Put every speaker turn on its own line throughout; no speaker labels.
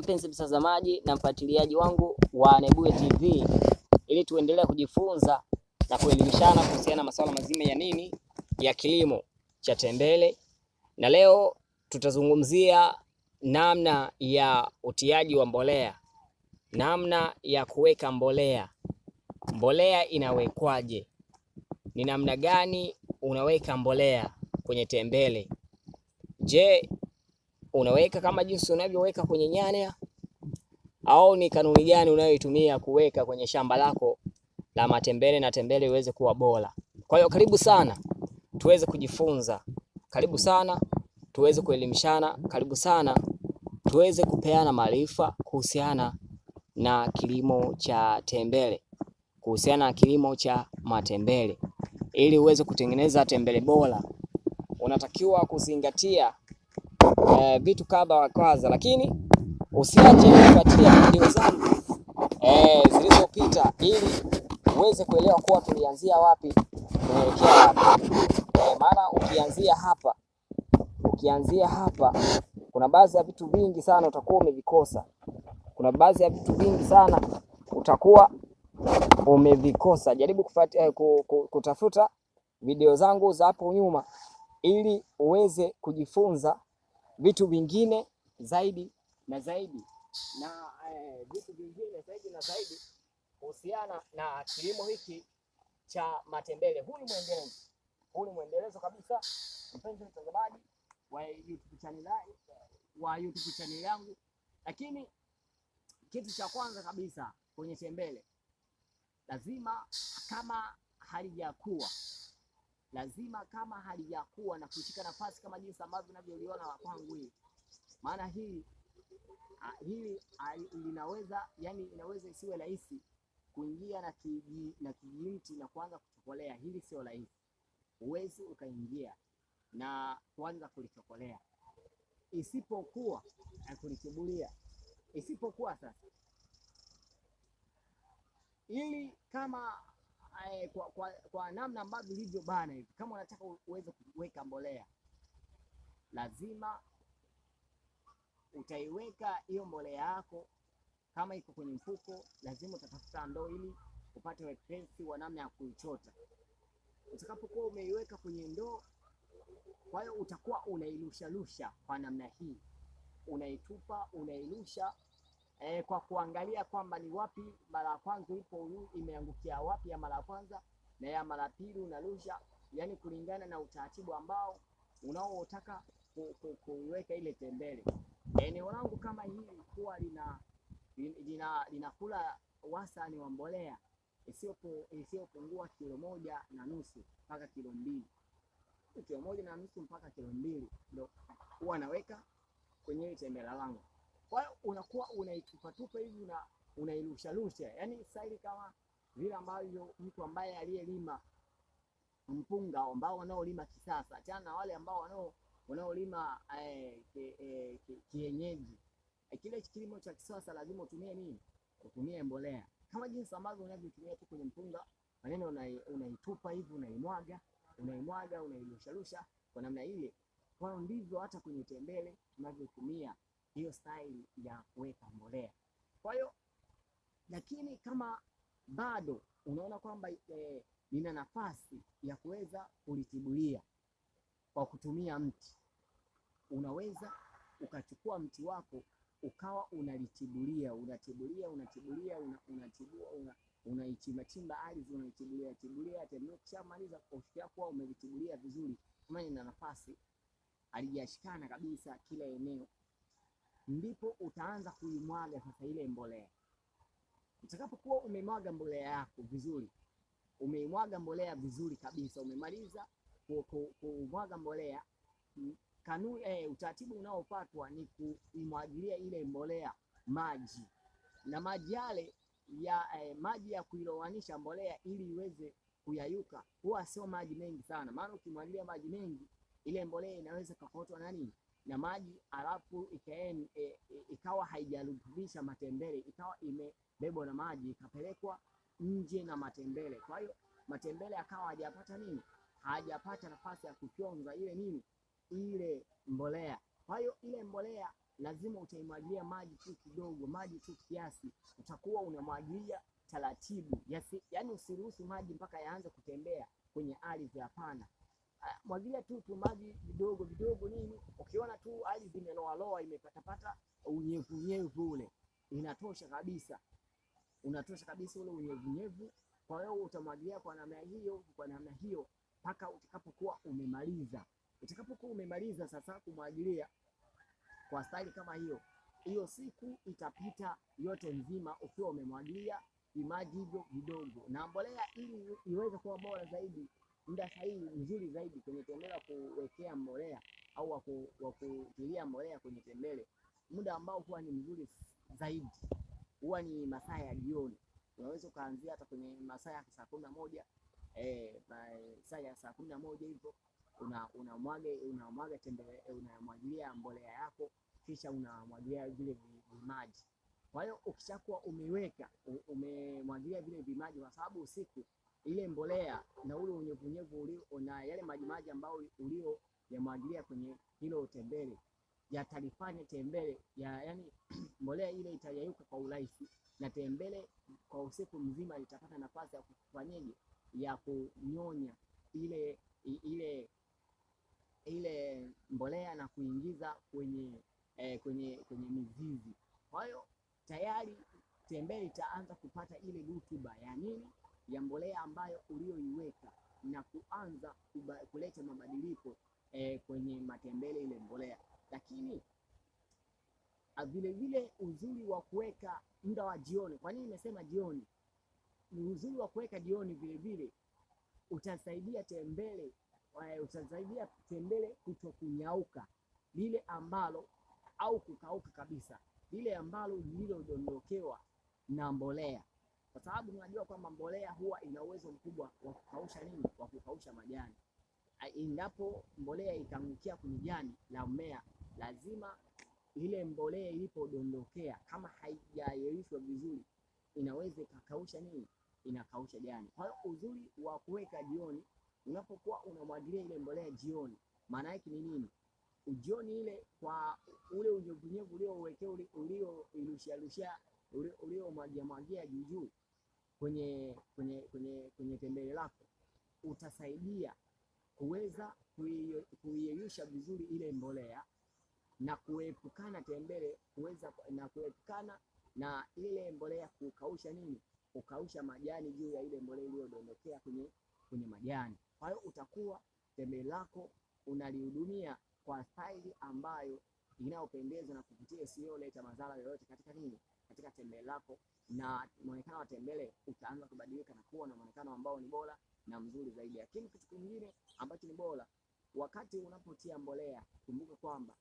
mpenzi mtazamaji na mfuatiliaji wangu wa Nebuye TV, ili tuendelea kujifunza na kuelimishana kuhusiana na masuala mazima ya nini ya kilimo cha tembele, na leo tutazungumzia namna ya utiaji wa mbolea, namna ya kuweka mbolea. Mbolea inawekwaje? Ni namna gani unaweka mbolea kwenye tembele? Je, unaweka kama jinsi unavyoweka kwenye nyanya, au ni kanuni gani unayoitumia kuweka kwenye shamba lako la matembele na tembele iweze kuwa bora? Kwa hiyo karibu sana tuweze kujifunza, karibu sana tuweze kuelimishana, karibu sana tuweze kupeana maarifa kuhusiana na kilimo cha tembele, kuhusiana na kilimo cha matembele. Ili uweze kutengeneza tembele bora, unatakiwa kuzingatia eh, vitu kadha wa kadha, lakini usiache kufuatilia video zangu eh, zilizopita ili uweze kuelewa kuwa tulianzia wapi tunaelekea wapi. Eh, maana ukianzia hapa ukianzia hapa, kuna baadhi ya vitu vingi sana utakuwa umevikosa. Kuna baadhi ya vitu vingi sana utakuwa umevikosa. Jaribu kufati, eh, kutafuta video zangu za hapo nyuma ili uweze kujifunza vitu vingine zaidi na zaidi na eh, vitu vingine zaidi na zaidi kuhusiana na kilimo hiki cha matembele. Huu ni mwendelezo, huu ni mwendelezo kabisa, mpenzi mtazamaji wa YouTube channel wa YouTube channel yangu. Lakini kitu cha kwanza kabisa kwenye tembele lazima, kama halijakuwa lazima kama kuwa na kushika nafasi kama jinsi ambavyo unavyoliona kwangu hii, maana hii hili linaweza yani, inaweza isiwe rahisi kuingia na kiji na kijimti na kuanza kuchokolea. Hili sio rahisi, uwezi ukaingia na kuanza kulichokolea, isipokuwa na kulichubulia, isipokuwa sasa ili kama eh, kwa, kwa, kwa namna ambavyo ilivyo bana hivi, kama unataka uweze kuweka mbolea lazima utaiweka hiyo mbolea yako, kama iko kwenye mfuko, lazima utatafuta ndoo ili upate wepesi wa namna ya kuichota. Utakapokuwa umeiweka kwenye ndoo, kwa hiyo utakuwa unairusharusha kwa namna hii, unaitupa unairusha e, kwa kuangalia kwamba ni wapi mara ya kwanza ipo imeangukia wapi ya mara ya kwanza na ya mara pili unarusha, yani kulingana na utaratibu ambao unaotaka kuiweka ile tembele. Eneo langu kama hili huwa lina lina linakula wastani wa mbolea isiyopungua kilo moja na nusu mpaka kilo mbili kilo moja na nusu mpaka kilo mbili ndo huwa naweka kwenye tembele langu. Kwa hiyo unakuwa unaitupatupa hivi na unairusharusha, yaani staili kama vile ambavyo mtu ambaye aliyelima mpunga ambao wanaolima kisasa, chana na wale ambao wanao wanaolima eh, eh, kienyeji. Eh, kile kilimo cha kisasa lazima utumie nini? Utumie mbolea kama jinsi ambavyo unavyotumia tu kwenye mpunga, maneno unaitupa hivi, unaimwaga unaimwaga, unairusharusha kwa namna ile. Kwa hiyo ndivyo hata kwenye tembele tunavyotumia hiyo staili ya kuweka mbolea. Kwa hiyo lakini kama bado unaona kwamba eh, nina nafasi ya kuweza kulitibulia kwa kutumia mti, unaweza ukachukua mti wako ukawa unalitibulia unatibulia unatibulia unatibua una unaichimbachimba chimba ardhi unaitibulia tibulia tena, ukishamaliza kufikia kuwa umelitibulia vizuri, kama ina nafasi alijashikana kabisa kila eneo ndipo utaanza kuimwaga sasa ile mbolea. Utakapokuwa umemwaga mbolea yako vizuri, umeimwaga mbolea vizuri kabisa, umemaliza kumwaga mbolea, kanu, eh, utaratibu unaofuatwa ni kuimwagilia ile mbolea maji na maji yale ya eh, maji ya kuilowanisha mbolea ili iweze kuyayuka, huwa sio maji mengi sana, maana ukimwagilia maji mengi ile mbolea inaweza kakotwa na nini na maji alafu e, e, ikawa haijarutubisha matembele, ikawa imebebwa na maji ikapelekwa nje na matembele. Kwa hiyo matembele akawa hajapata nini, hajapata nafasi ya kufyonza ile nini, ile mbolea. Kwa hiyo ile mbolea lazima utaimwagilia maji tu kidogo, maji tu kiasi, utakuwa unamwagilia taratibu, yani usiruhusu maji mpaka yaanze kutembea kwenye ardhi, hapana mwagilia tu tu maji vidogo vidogo nini, ukiona tu ardhi imeloa loa imepatapata unyevu unyevu ule inatosha kabisa, unatosha kabisa ule unyevu unyevu. Kwa hiyo utamwagilia kwa namna hiyo, kwa namna hiyo mpaka utakapokuwa umemaliza. Utakapokuwa umemaliza sasa kumwagilia kwa staili kama hiyo, hiyo siku itapita yote nzima ukiwa umemwagilia vimaji hivyo vidogo na mbolea, ili iweze kuwa bora zaidi muda sahihi mzuri zaidi kwenye tembele wa kuwekea mbolea au wa kutilia mbolea kwenye tembele, muda ambao huwa ni mzuri zaidi huwa ni masaa ya jioni. Unaweza ukaanzia hata kwenye masaa ya saa kumi na moja eh, saa ya saa kumi na moja hivyo unamwaga unamwaga tembele eh, unamwagilia mbolea yako, kisha unamwagilia vile vimaji. Kwa hiyo ukishakuwa umeweka umemwagilia vile vimaji, kwa sababu usiku ile mbolea na ule unyevunyevu ulio na yale majimaji ambayo ulio yamwagilia kwenye hilo tembele yatalifanya tembele ya, yani mbolea ile itayayuka kwa urahisi na tembele kwa usiku mzima litapata nafasi ya kufanyeje, ya kunyonya ile ile ile mbolea na kuingiza kwenye eh, kwenye kwenye mizizi. Kwa hiyo tayari tembele itaanza kupata ile rutuba ya nini ya mbolea ambayo ulioiweka na kuanza kuba, kuleta mabadiliko eh, kwenye matembele ile mbolea. Lakini vilevile ah, uzuri wa kuweka muda wa jioni. Kwa nini nimesema jioni? Ni uzuri wa kuweka jioni vilevile utasaidia tembele eh, utasaidia tembele kutokunyauka lile ambalo au kukauka kabisa lile ambalo lililodondokewa na mbolea kwa sababu tunajua kwamba mbolea huwa ina uwezo mkubwa wa kukausha nini, wa kukausha majani. Endapo mbolea itaangukia kwenye jani la mmea, lazima ile mbolea ilipodondokea, kama haijayeyushwa vizuri, inaweza ikakausha nini, inakausha jani. Kwa hiyo uzuri wa kuweka jioni, unapokuwa unamwagilia ile mbolea jioni, maana yake ni nini? Jioni ile kwa ule unyevunyevu uliowekea ulioirusharushia uliomwagia mwagia juujuu kwenye kwenye kwenye kwenye tembele lako utasaidia kuweza kuiyeyusha vizuri ile mbolea na kuepukana tembele kuweza na kuepukana na ile mbolea kukausha nini, kukausha majani juu ya ile mbolea iliyodondokea kwenye kwenye majani. Kwa hiyo utakuwa tembele lako unalihudumia kwa staili ambayo inayopendeza na kuvutia isiyoleta madhara yoyote katika nini katika tembele lako, na muonekano wa tembele utaanza kubadilika na kuwa na muonekano ambao ni bora na mzuri zaidi. Lakini kitu kingine ambacho ni bora, wakati unapotia mbolea, kumbuka kwamba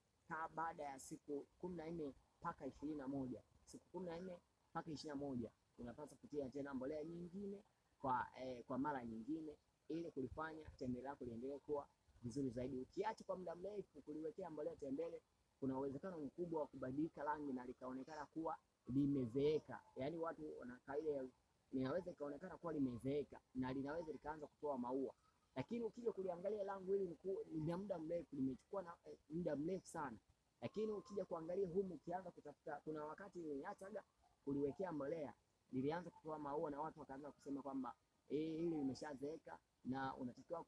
baada ya siku kumi na nne mpaka ishirini na moja siku kumi na nne mpaka ishirini na moja unapaswa kutia tena mbolea nyingine kwa, eh, kwa mara nyingine ili kulifanya tembele lako liendelee kuwa vizuri zaidi. Ukiacha kwa muda mrefu kuliwekea mbolea tembele, kuna uwezekano mkubwa wa kubadilika rangi na likaonekana kuwa limezeeka, yaani watu wanakaa ile, linaweza ikaonekana kuwa limezeeka na linaweza likaanza kutoa maua, lakini ukija kuliangalia langu hili lina muda mrefu, limechukua na eh, muda mrefu sana, lakini ukija kuangalia humu, ukianza kutafuta, kuna wakati niliachaga kuliwekea mbolea, lilianza kutoa maua na watu wakaanza kusema kwamba eh, hili limeshazeeka na unatakiwa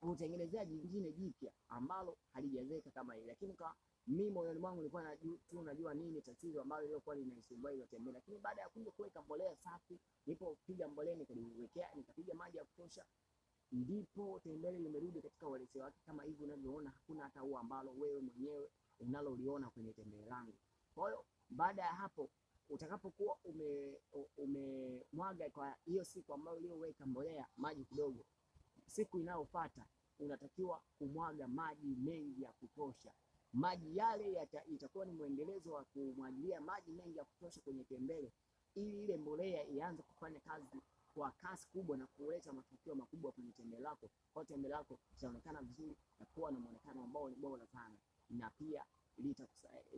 kutengenezea jingine jipya ambalo halijazeeka kama hili, lakini kwa mimi moyoni mwangu nilikuwa najua tu najua nini tatizo ambalo lilikuwa linaisumbua ile tembea, lakini baada ya kuja kuweka mbolea safi, nilipopiga mbolea nikaliwekea, nikapiga maji ya kutosha, ndipo tembele limerudi katika uelekeo wake. Kama hivi unavyoona, hakuna hata ua ambalo wewe mwenyewe unaloliona kwenye tembele langu. Kwa hiyo baada ya hapo utakapokuwa umemwaga kwa hiyo siku ambayo uliyoweka mbolea maji kidogo, siku inayofuata unatakiwa kumwaga maji mengi ya kutosha maji yale yata, itakuwa ni mwendelezo wa kumwagilia maji mengi ya kutosha kwenye tembele, ili ile mbolea ianze kufanya kazi kwa kasi kubwa na kuleta matokeo makubwa kwenye tembele lako, kwa tembele lako litaonekana vizuri na kuwa na muonekano ambao ni bora sana, na pia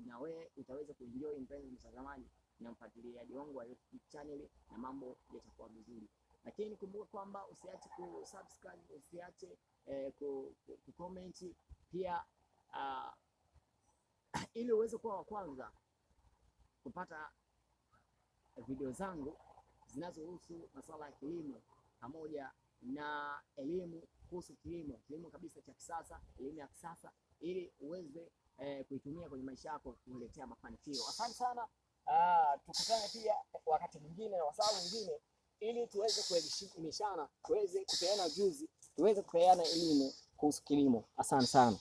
na wewe utaweza kuenjoy, mpenzi mtazamaji na mfuatiliaji wangu wa YouTube channel, na mambo yatakuwa vizuri. Lakini kumbuka kwamba usiache ku subscribe, usiache eh, ku comment pia uh, ili uweze kuwa wa kwanza kupata video zangu zinazohusu masuala ya kilimo pamoja na elimu kuhusu kilimo, kilimo kabisa cha kisasa, elimu ya kisasa, ili uweze eh, kuitumia kwenye maisha yako kuletea mafanikio. Asante sana. Ah, tukutane pia wakati mwingine na wasaa mwingine, ili tuweze kuelimishana, tuweze kupeana juzi, tuweze kupeana elimu kuhusu kilimo. Asante sana.